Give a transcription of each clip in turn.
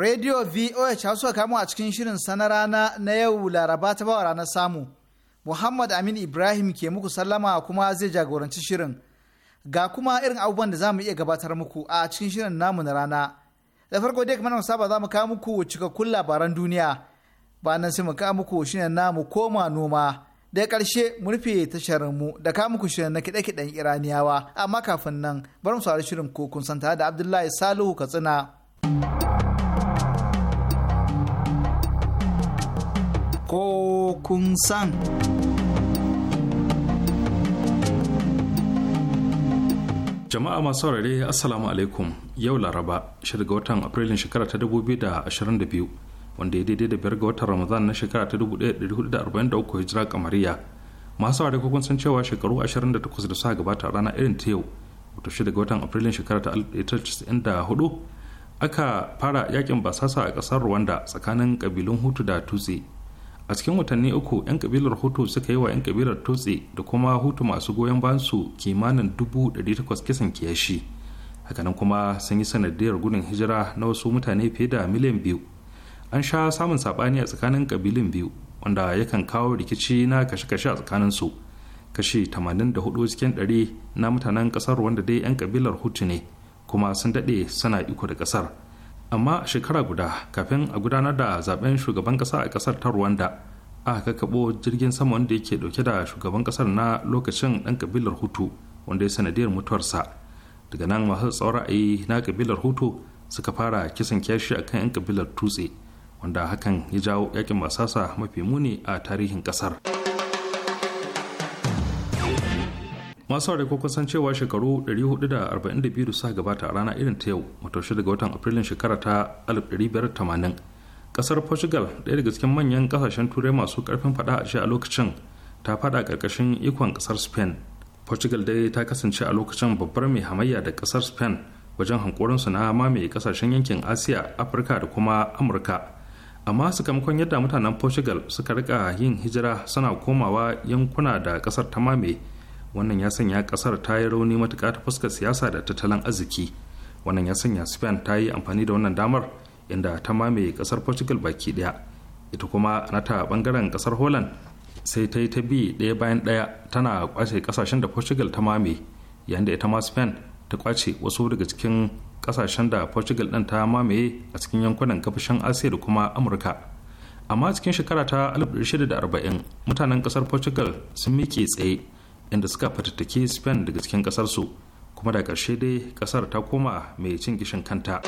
Radio VOH har suka kamo a cikin shirin sanarana na yau Laraba ta bawa ranar samu. Muhammad Amin Ibrahim ke muku sallama kuma zai jagoranci shirin. Ga kuma irin abubuwan da za mu iya gabatar muku a cikin shirin namu na rana. Da farko dai kamar saba za mu kawo muku cikakkun labaran duniya. Ba nan sai mu kawo muku shirin namu koma noma. Da ƙarshe mu rufe tashar mu da kawo muku shirin na kiɗe-kiɗen Iraniyawa. Amma kafin nan bari mu saurari shirin ko kun santa da Abdullahi Salihu Katsina. ko kun san. Jama'a masu saurare Assalamu alaikum yau Laraba shirga watan Afrilun shekara ta 2022 wanda ya daidai da biyar ga watan Ramadan na shekara ta 1443 hijira kamariya. Masu saurare kukun san cewa shekaru 28 da suka gabata a rana irin ta yau wato shirga watan Afrilun shekara ta 1994 aka fara yakin basasa a kasar Rwanda tsakanin kabilun Hutu da Tutsi a cikin watanni uku 'yan kabilar hutu suka yi wa 'yan kabilar tutsi da kuma hutu masu goyon kimanin dubu kimanin 800 kisan kiyashi hakanan kuma sun yi sanadiyar gudun hijira na wasu mutane fiye da miliyan biyu an sha samun sabani a tsakanin kabilun biyu wanda yakan kawo rikici na kashe-kashe a tsakanin su kashi 84 cikin 100 na mutanen kasar wanda dai 'yan kabilar hutu ne kuma sun daɗe suna iko da kasar amma shekara guda kafin a gudanar da zaben shugaban kasa a kasar ta rwanda aka kakabo jirgin sama wanda yake dauke da shugaban kasar na lokacin dan kabilar hutu wanda ya sanadiyar mutuwarsa daga nan masu tsawon ra'ayi na kabilar hutu suka fara kisan kyashi akan 'yan kabilar tutse wanda hakan ya jawo yakin basasa mafi muni a tarihin kasar. masu ko san cewa shekaru 442 da suka gabata a rana irin ta yau wato shi daga watan afrilun shekara ta 1580 ƙasar portugal ɗaya daga cikin manyan kasashen turai masu karfin faɗa a shi a lokacin ta fada karkashin ikon ƙasar spain portugal dai ta kasance a lokacin babbar mai hamayya da kasar spain wajen su na mamaye kasashen yankin asiya afirka da kuma amurka amma sakamakon yadda mutanen portugal suka rika yin hijira suna komawa yankuna da ƙasar ta mamaye wannan ya sanya kasar ta yi rauni matuƙa ta fuskar siyasa da tattalin arziki wannan ya sanya spain ta yi amfani da wannan damar inda ta mamaye kasar portugal baki ɗaya ita kuma nata bangaren kasar holland sai ta yi ta bi ɗaya bayan ɗaya tana kwace kasashen da portugal ta mamaye yayin da ita ma spain ta kwace wasu daga cikin kasashen da portugal ɗin ta mamaye a cikin yankunan kafashin asiya da kuma amurka amma cikin shekara ta 1640 mutanen kasar portugal sun miƙe tsaye inda suka fatattake spain daga cikin kasarsu kuma da ƙarshe dai kasar ta koma mai cin gishin kanta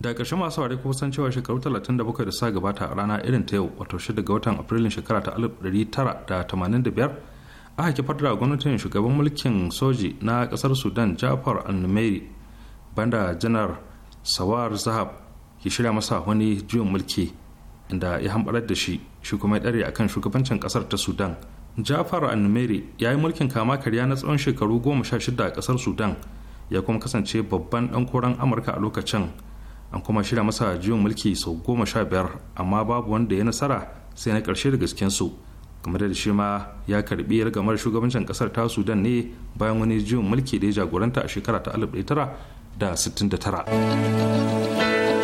da ƙarshe masu ware ko san cewa shekaru 37 da sa gabata a rana irin ta yau wato 6 ga watan afrilun shekara ta 1985 aka kifar da gwamnatin shugaban mulkin soji na ƙasar sudan jafar al-numeri banda janar sawar zahab ki shirya masa wani juyin mulki inda ya hambarar da shi shugaban ɗare ya dare akan shugabancin kasar ta sudan jafar annumeri ya yi mulkin kama karya na tsawon shekaru goma sha shida a kasar sudan ya kuma kasance babban ɗan koran amurka a lokacin an kuma shirya masa jiwon mulki sau goma sha biyar amma babu wanda ya nasara sai na karshe da su kamar da shi ma ya karbi ragamar shugabancin kasar ta sudan ne bayan wani jiwon mulki da ya jagoranta a shekara ta 1969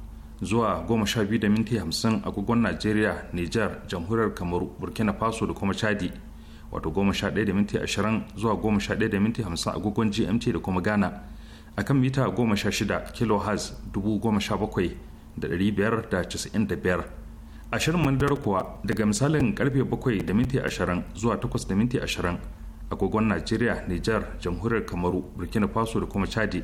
zuwa goma sha biyu da minti agogon najeriya niger jamhuriyar kamaru burkina faso da kuma chadi wato goma sha ɗaya da zuwa goma sha ɗaya agogon gmt da kuma ghana akan mita goma sha shida A dubu goma sha bakwai da da da biyar ashirin mandar kuwa daga misalin karfe bakwai da minti ashirin zuwa takwas da minti ashirin agogon najeriya niger jamhuriyar kamaru burkina faso da kuma chadi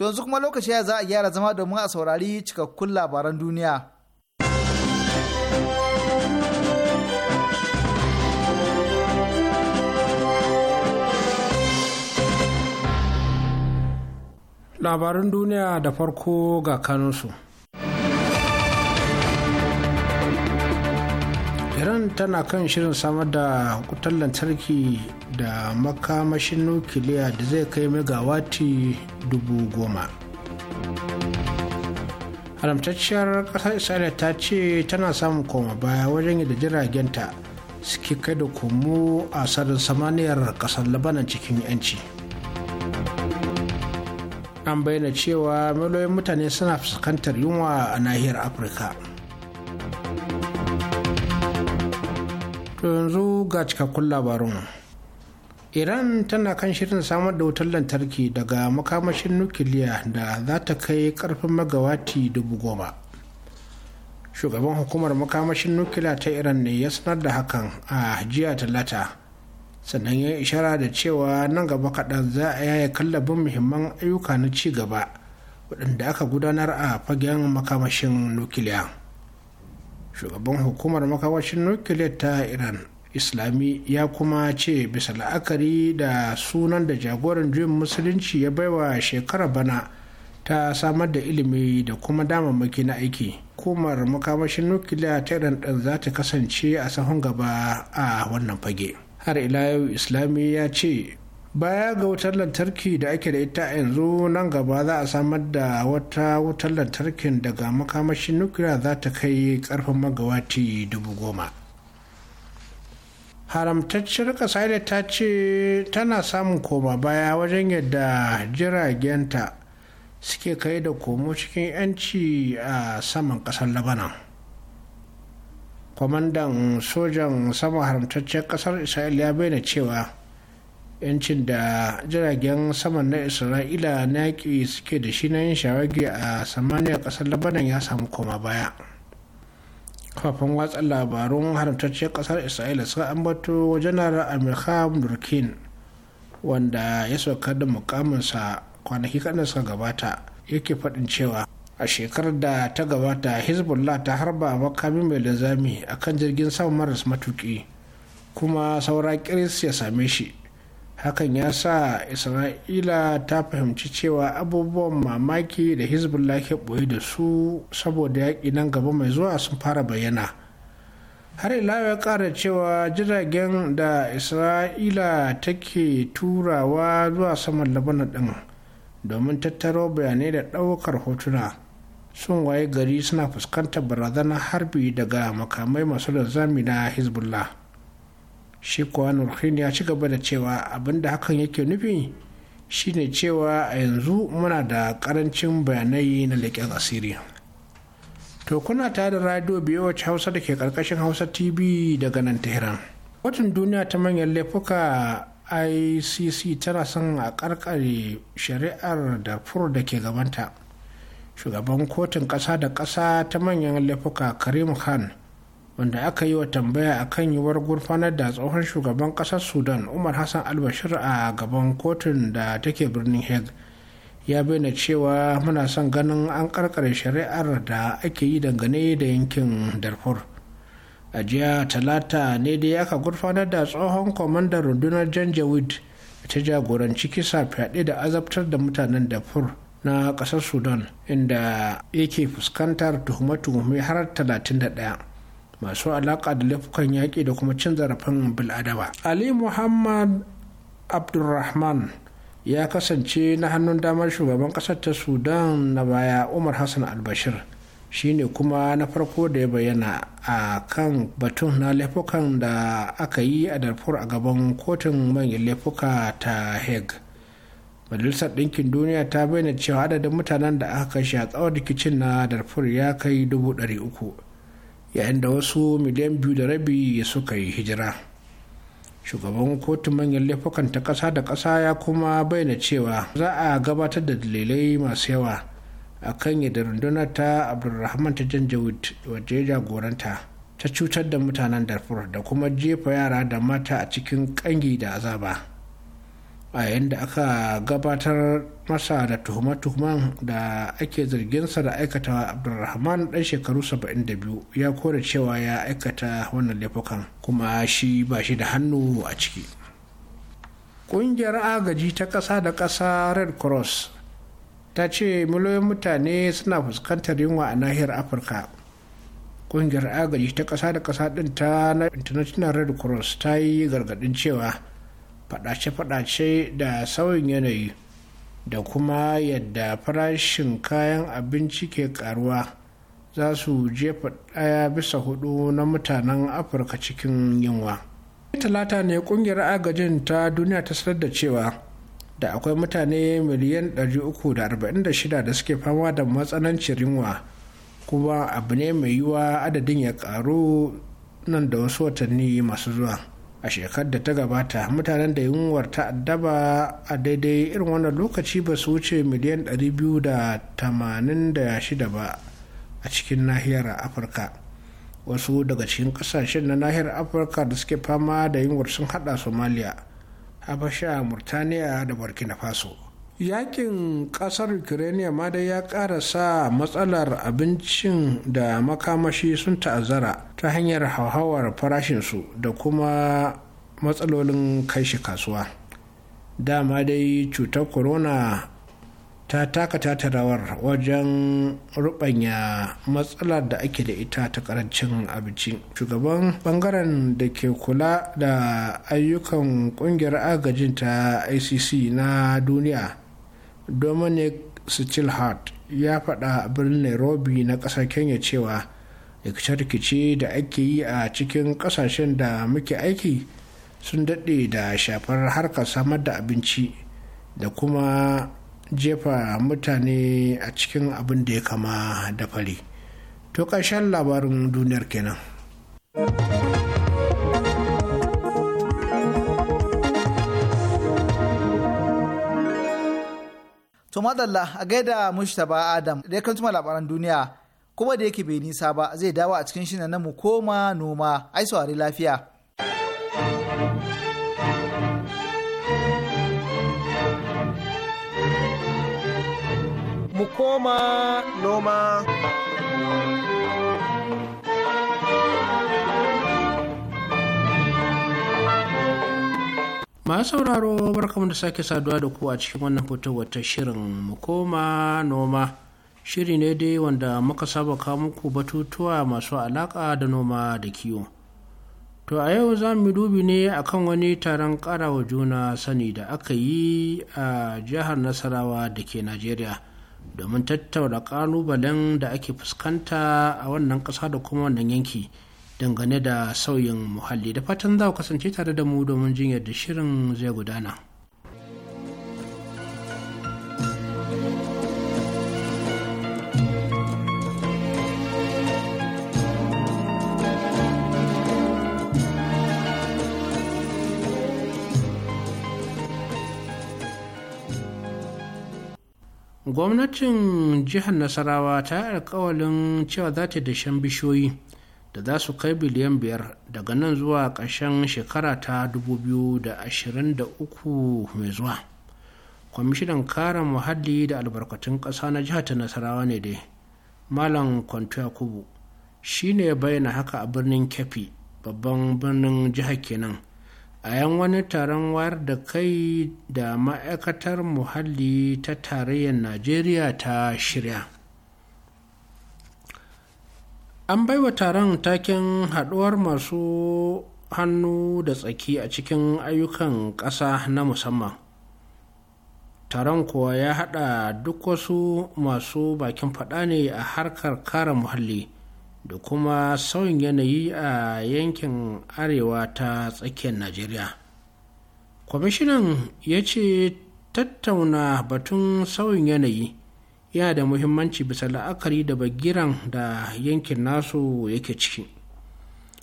To yanzu kuma lokaci ya za a gyara zama domin a saurari cikakkun labaran duniya. Labaran duniya da farko ga kanunsu. iran tana kan shirin samar da wutar lantarki da makamashin nukiliya da zai kai megawati dubu goma haramtacciyar kasar isra'ila ta ce tana samun koma baya wajen yadda jiragenta suke kai da komo a sararin samaniyar ƙasar labanan cikin yanci an bayyana cewa miliyoyin mutane suna fuskantar yunwa a nahiyar afirka to yanzu ga cikakkun labarun iran tana kan shirin samar da wutar lantarki daga makamashin nukiliya da za ta kai karfin magawati dubu goma shugaban hukumar makamashin nukiliya ta iran ne ya sanar da hakan a jiya talata sannan ya ishara da cewa nan gaba kaɗan za a yaya kallabin muhimman ayyuka na ci gaba waɗanda aka gudanar a fagen makamashin nukiliya shugaban hukumar makawacin nukiliyar ta iran islami ya kuma ce bisa la'akari da sunan da jagoran juyin musulunci ya baiwa shekara bana ta samar da ilimi da kuma damammaki na aiki hukumar makamashin nukiliya ta iran ɗin za ta kasance a sahun gaba a wannan fage har ila yau islami ya ce baya ga wutar lantarki da ake da ita a yanzu nan gaba za a samar da wata wutar lantarkin daga makamashin nukiliya za ta kai karfin magawati dubu goma haramtacciyar ƙasa ta ce tana samun koma baya wajen yadda jiragen ta suke kai da komo cikin 'yanci a saman ƙasar labanan kwamandan sojan saman haramtacciyar ƙasar Israel ya bayyana cewa yancin da jiragen saman na isra'ila na yaƙi suke da shi na yin shawagi a samaniya ƙasar labanan ya samu koma baya kafin watsa labarun haramtacce ƙasar isra'ila suka ambato wajen amir khan durkin wanda ya saukar da mukaminsa kwanaki kaɗan suka gabata yake faɗin cewa a shekarar da ta gabata hezbollah ta harba makami mai linzami a kan jirgin sama maras matuki kuma saura kiris ya same shi hakan ya sa isra'ila ta fahimci cewa abubuwan mamaki da hezbollah ke ɓoye da su saboda yaƙi nan gaba mai zuwa sun fara bayyana har ila ya ƙara cewa jiragen da isra'ila take turawa zuwa saman labanan ɗin domin tattaro bayanai da ɗaukar hotuna sun waye gari suna fuskantar barazanar harbi daga makamai masu da na hezbollah shi kuwa nurkhin ya ci gaba da cewa abinda hakan yake nufi shine cewa a yanzu muna da karancin bayanai na leƙen asiri to kuna tare da radio biyu wacce hausa da ke karkashin hausa tv daga nan tehran watan duniya ta manyan laifuka icc tana son a karkare shari'ar da fur da ke gabanta shugaban kotun ƙasa da ƙasa ta manyan laifuka karim khan wanda aka yi wa tambaya a kan yiwuwar gurfanar da tsohon shugaban ƙasar sudan umar hassan albashir a gaban kotun da take birnin heg ya bayyana cewa muna son ganin an karkare shari'ar da ake yi dangane da yankin darfur a jiya talata ne dai aka gurfanar da tsohon kwamandan rundunar janjawid ta jagoranci kisa fyaɗe da azabtar da mutanen darfur na ƙasar sudan inda yake fuskantar tuhume-tuhume har 31 masu alaƙa da laifukan yaƙi da kuma cin zarafin bil'adama ali muhammad abdulrahman ya kasance na hannun damar shugaban ƙasar ta sudan na baya umar hassan albashir shine kuma na farko da ya bayyana a kan batun na laifukan da aka yi a darfur a gaban kotun manyan laifuka ta hague majalisar ɗinkin duniya ta bayyana cewa adadin mutanen da aka kashe a tsawon rikicin na darfur ya kai dubu ɗari uku yayin da wasu miliyan biyu da rabi suka yi hijira shugaban kotun manyan laifukan ta ƙasa da ƙasa ya kuma bayyana cewa za a gabatar da dalilai masu yawa a kan yadda rundunar ta abdulrahman ta janjawit waje jagoranta ta cutar da mutanen darfur da kuma jefa yara da mata a cikin ƙangi da azaba a yayin da aka gabatar masa da tuhuma-tuhuman da ake zarginsa da aikata abdulrahman dan shekaru 72 ya kore cewa ya aikata wannan laifukan kuma shi ba shi da hannu a ciki ƙungiyar agaji ta ƙasa da ƙasa red cross ta ce miliyoyin mutane suna fuskantar yunwa a nahiyar afirka ƙungiyar agaji ta ƙasa da ƙasa ɗin ta international red cross ta yi gargaɗin cewa faɗace-faɗace da sauyin yanayi da kuma yadda farashin kayan abinci ke karuwa za su jefa ɗaya bisa hudu na mutanen afirka cikin yunwa talata ne kungiyar agajin ta duniya ta sanar da cewa da akwai mutane miliyan 346 da suke fama da matsanancin yunwa kuma abu ne mai yiwuwa adadin ya karu nan da wasu watanni masu zuwa a shekar da ta gabata mutanen da yunwar ta addaba a daidai irin wannan lokaci ba su wuce miliyan 286 ba a cikin nahiyar afirka wasu daga cikin kasashen na nahiyar afirka da suke fama da yunwar sun hada somalia habasha murtaniya da burkina faso yakin kasar ukraine ma dai ya ƙara sa matsalar abincin da makamashi sun ta'azzara ta hanyar hauhawar farashinsu da kuma matsalolin kai shi kasuwa dama dai cutar corona ta taka ta rawar wajen rubanya matsalar da ake da ita ta karancin abinci shugaban bangaren da ke kula da ayyukan kungiyar agajin ta icc na duniya dominic stilhart ya faɗa a birnin nairobi na ƙasar kenya cewa rikice-rikice da ake yi a cikin ƙasashen da muke aiki sun daɗe da shafar harkar samar da abinci da kuma jefa mutane a cikin abin da ya kama da fari to ƙarshen labarin duniyar kenan. To madalla a gaida Mustapha Adam da ya kantuma labaran duniya kuma da yake bai nisa ba zai dawo a cikin shirin mu koma noma ai saurari lafiya. Mu koma noma. masu sauraro barkamu da sake saduwa da ku a cikin wannan fitowar ta shirin mu koma noma shiri ne dai wanda muka saba kawo muku batutuwa masu alaka da noma da kiwo to a yau za mu dubi ne akan wani taron karawa juna sani da aka yi a jihar nasarawa da ke najeriya domin tattauna kalubalen da ake fuskanta a wannan kasa da kuma wannan yanki. dangane da sauyin muhalli da fatan za ku kasance tare da mu domin jin da shirin zai gudana. gwamnatin jihar nasarawa ta yi alkawalin cewa za ta dashen bishiyoyi da za su kai biliyan biyar daga nan zuwa ƙarshen shekara ta 2023 mai zuwa kwamishinan kare muhalli da albarkatun ƙasa na jihar ta nasarawa ne dai malam kwanto yakubu shi ne bayyana haka a birnin kefi babban birnin jihar kenan a yan wani taron wayar da kai da ma'aikatar muhalli ta tarayyar najeriya ta shirya an baiwa taron taken haɗuwar masu hannu da tsaki a cikin ayyukan ƙasa na musamman taron kuwa ya haɗa duk wasu masu bakin faɗa ne a harkar kare muhalli da kuma sauyin yanayi a yankin arewa ta tsakiyar najeriya kwamishinan ya ce tattauna batun sauyin yanayi yana da muhimmanci bisa la'akari da bagiran da yankin nasu yake ciki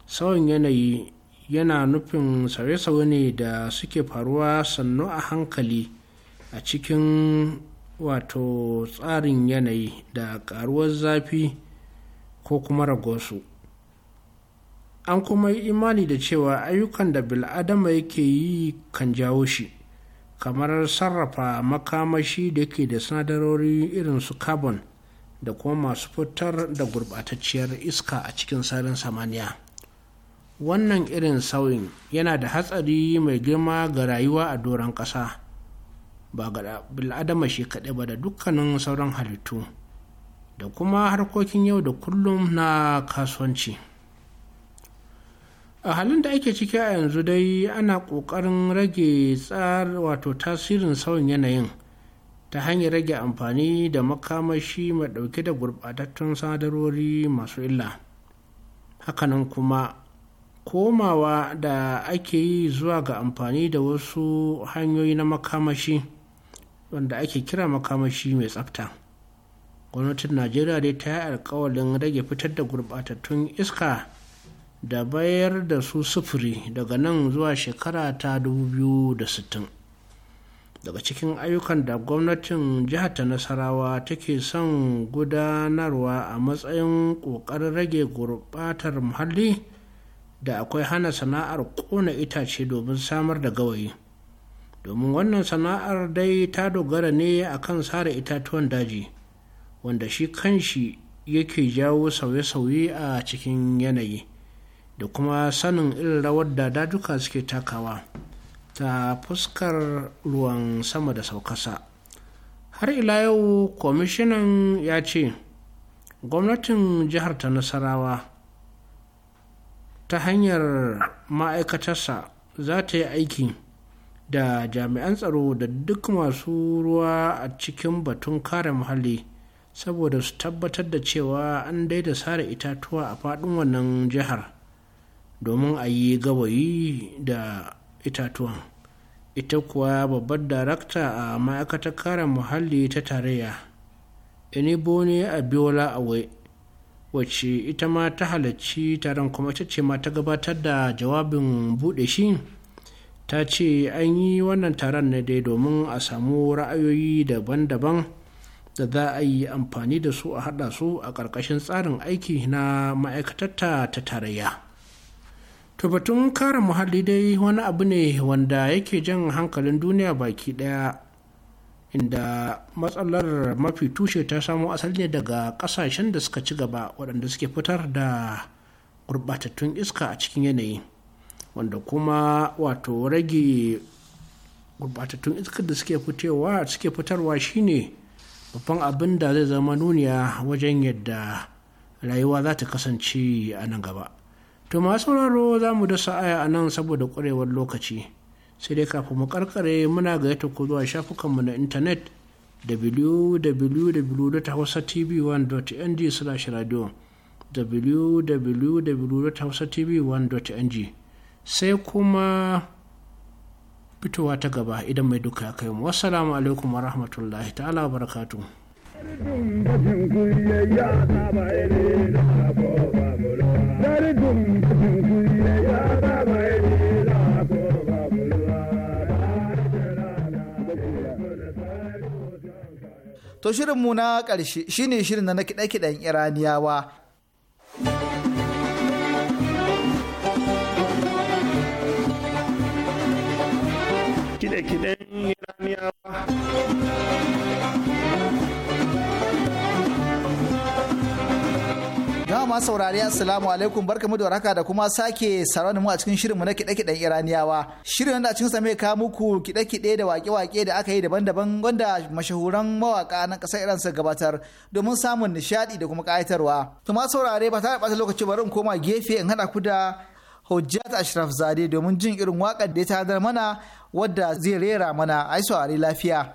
sauyin yanayi yana nufin sauye-sauye ne da suke faruwa sannu a hankali a cikin wato tsarin yanayi da karuwar zafi ko kuma ragosu an kuma yi imani da cewa ayyukan da bil'adama yake yi kan jawo shi kamar sarrafa makamashi da ke da sinadarori irin su carbon da kuma masu fitar da gurbatacciyar iska a cikin sararin samaniya wannan irin sauyin yana da hatsari mai girma ga rayuwa a doron ƙasa ba ga bil'adama shi kaɗai ba da dukkanin sauran halittu da kuma harkokin yau da kullum na kasuwanci. a halin da ake ciki a yanzu dai ana ƙoƙarin rage tsar wato tasirin sauyin yanayin ta hanyar rage amfani da makamashi mai ɗauke da gurɓatattun sadarori masu illa hakanan kuma komawa da ake yi zuwa ga amfani da wasu hanyoyi na makamashi wanda ake kira makamashi mai tsafta gwamnatin najeriya dai ta yi alkawalin rage fitar da gurɓatattun iska da bayar da su sufuri daga nan zuwa shekara ta 2060 daga cikin ayyukan da gwamnatin jihar ta nasarawa take son gudanarwa a matsayin ƙoƙarin rage gurɓatar muhalli da akwai hana sana'ar ƙona itace domin samar da gawayi domin wannan sana'ar dai ta dogara ne akan sare itatuwan daji wanda shi kanshi yake jawo sauye-sauye a cikin yanayi. da kuma sanin irin rawar da dajuka suke takawa ta fuskar ruwan sama da saukasa har ila yau kwamishinan ya ce gwamnatin jihar ta nasarawa ta hanyar ma'aikatarsa za ta yi aiki da jami'an tsaro da duk masu ruwa a cikin batun kare muhalli saboda su tabbatar da cewa an daida sare itatuwa a faɗin wannan jihar domin a yi gawayi da itatuwan ita kuwa babbar darakta a ma'aikatar kare muhalli ta tarayya ne a biola awe wacce ita ma ta halarci taron kuma ita ce ma ta gabatar da jawabin buɗe shi ta ce an yi wannan taron ne dai domin a samu ra'ayoyi daban-daban da za a yi amfani da su a haɗa su a ƙarƙashin tsarin aiki na ma'aikatar ta tarayya. to batun kare muhalli dai wani abu ne wanda yake jan hankalin duniya baki daya inda matsalar mafi tushe ta samo asali ne daga kasashen da suka ci gaba waɗanda suke fitar da gurɓatattun iska a cikin yanayi wanda kuma wato rage gurbatattun iska da suke fitarwa suke fitarwa shine babban abin da zai zama nuniya wajen yadda rayuwa za ta kasance a nan gaba To masu sauraro za mu dasa aya a nan saboda ƙwarewar lokaci. Sai dai kafin mu karkare muna gayyata yata ku zuwa shafukanmu na intanet www.hausatv1.ng/radio wwwhausatv sai kuma fitowa ta gaba idan mai duka ya kai mu. Wassalamu alaikum wa rahmatullahi ta'ala wa barakatu. Dari dum To shirinmu na ƙarshe shine shirin na kiɗe-kiɗen Iraniyawa. Kiɗe-kiɗen Iraniyawa. ma saurari assalamu alaikum barkamu da waraka da kuma sake sarauni mu a cikin shirinmu na kiɗe-kiɗen Iraniyawa. Shirin wanda a cikin sa mai ka muku kiɗe-kiɗe da wake-wake da aka yi daban-daban wanda mashahuran mawaka na ƙasar Iran suka gabatar domin samun nishaɗi da kuma kayatarwa. To ma saurare ba ta da lokaci bari in koma gefe in haɗa ku da Hujjat Ashraf Zade domin jin irin waƙar da ya tadar mana wadda zai rera mana ai saurari lafiya.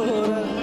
Oh.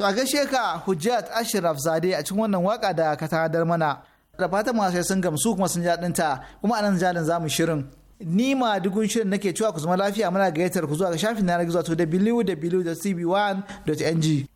to a gaishe ka hujjat ashraf zade a cikin wannan waka da ka tanadar mana da fatan masu sun gamsu kuma sun ji ta kuma anan jalin zamu shirin ni ma dugun shirin nake cewa ku zama lafiya muna gayyatar ku zuwa ga shafin na gizo to www.cb1.ng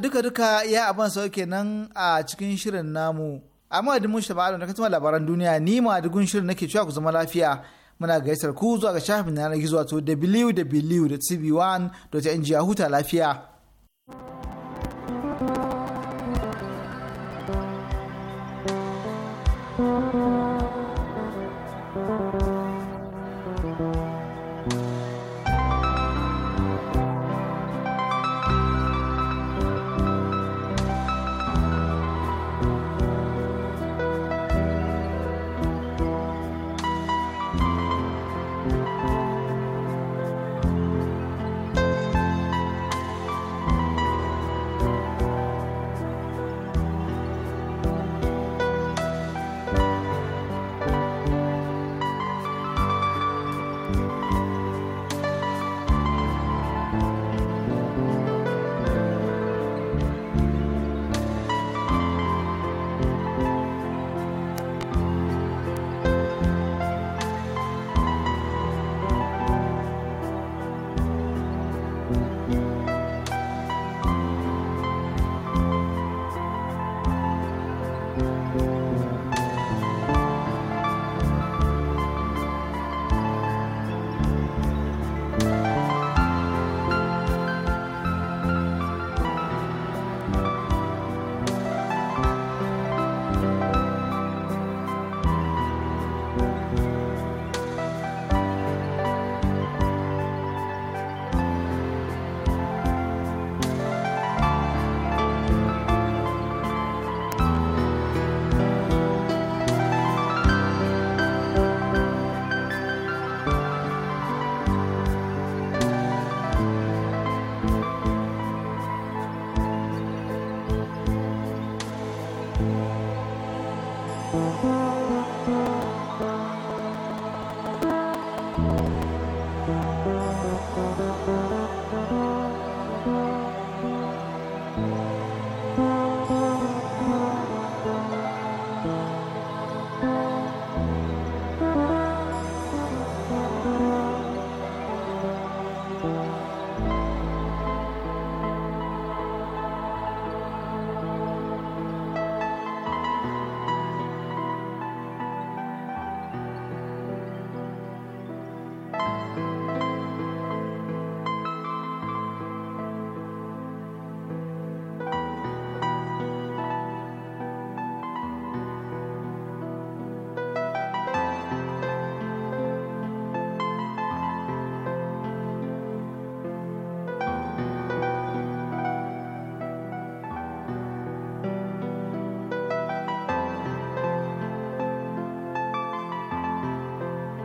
duka-duka ya abin sau kenan a cikin shirin namu amma da mun shaba da kasuma labaran duniya ni ma dugun shirin nake cewa ku zama lafiya muna gaisar ku zuwa ga shafin yanar gizo wato www.tv1.ng a huta lafiya.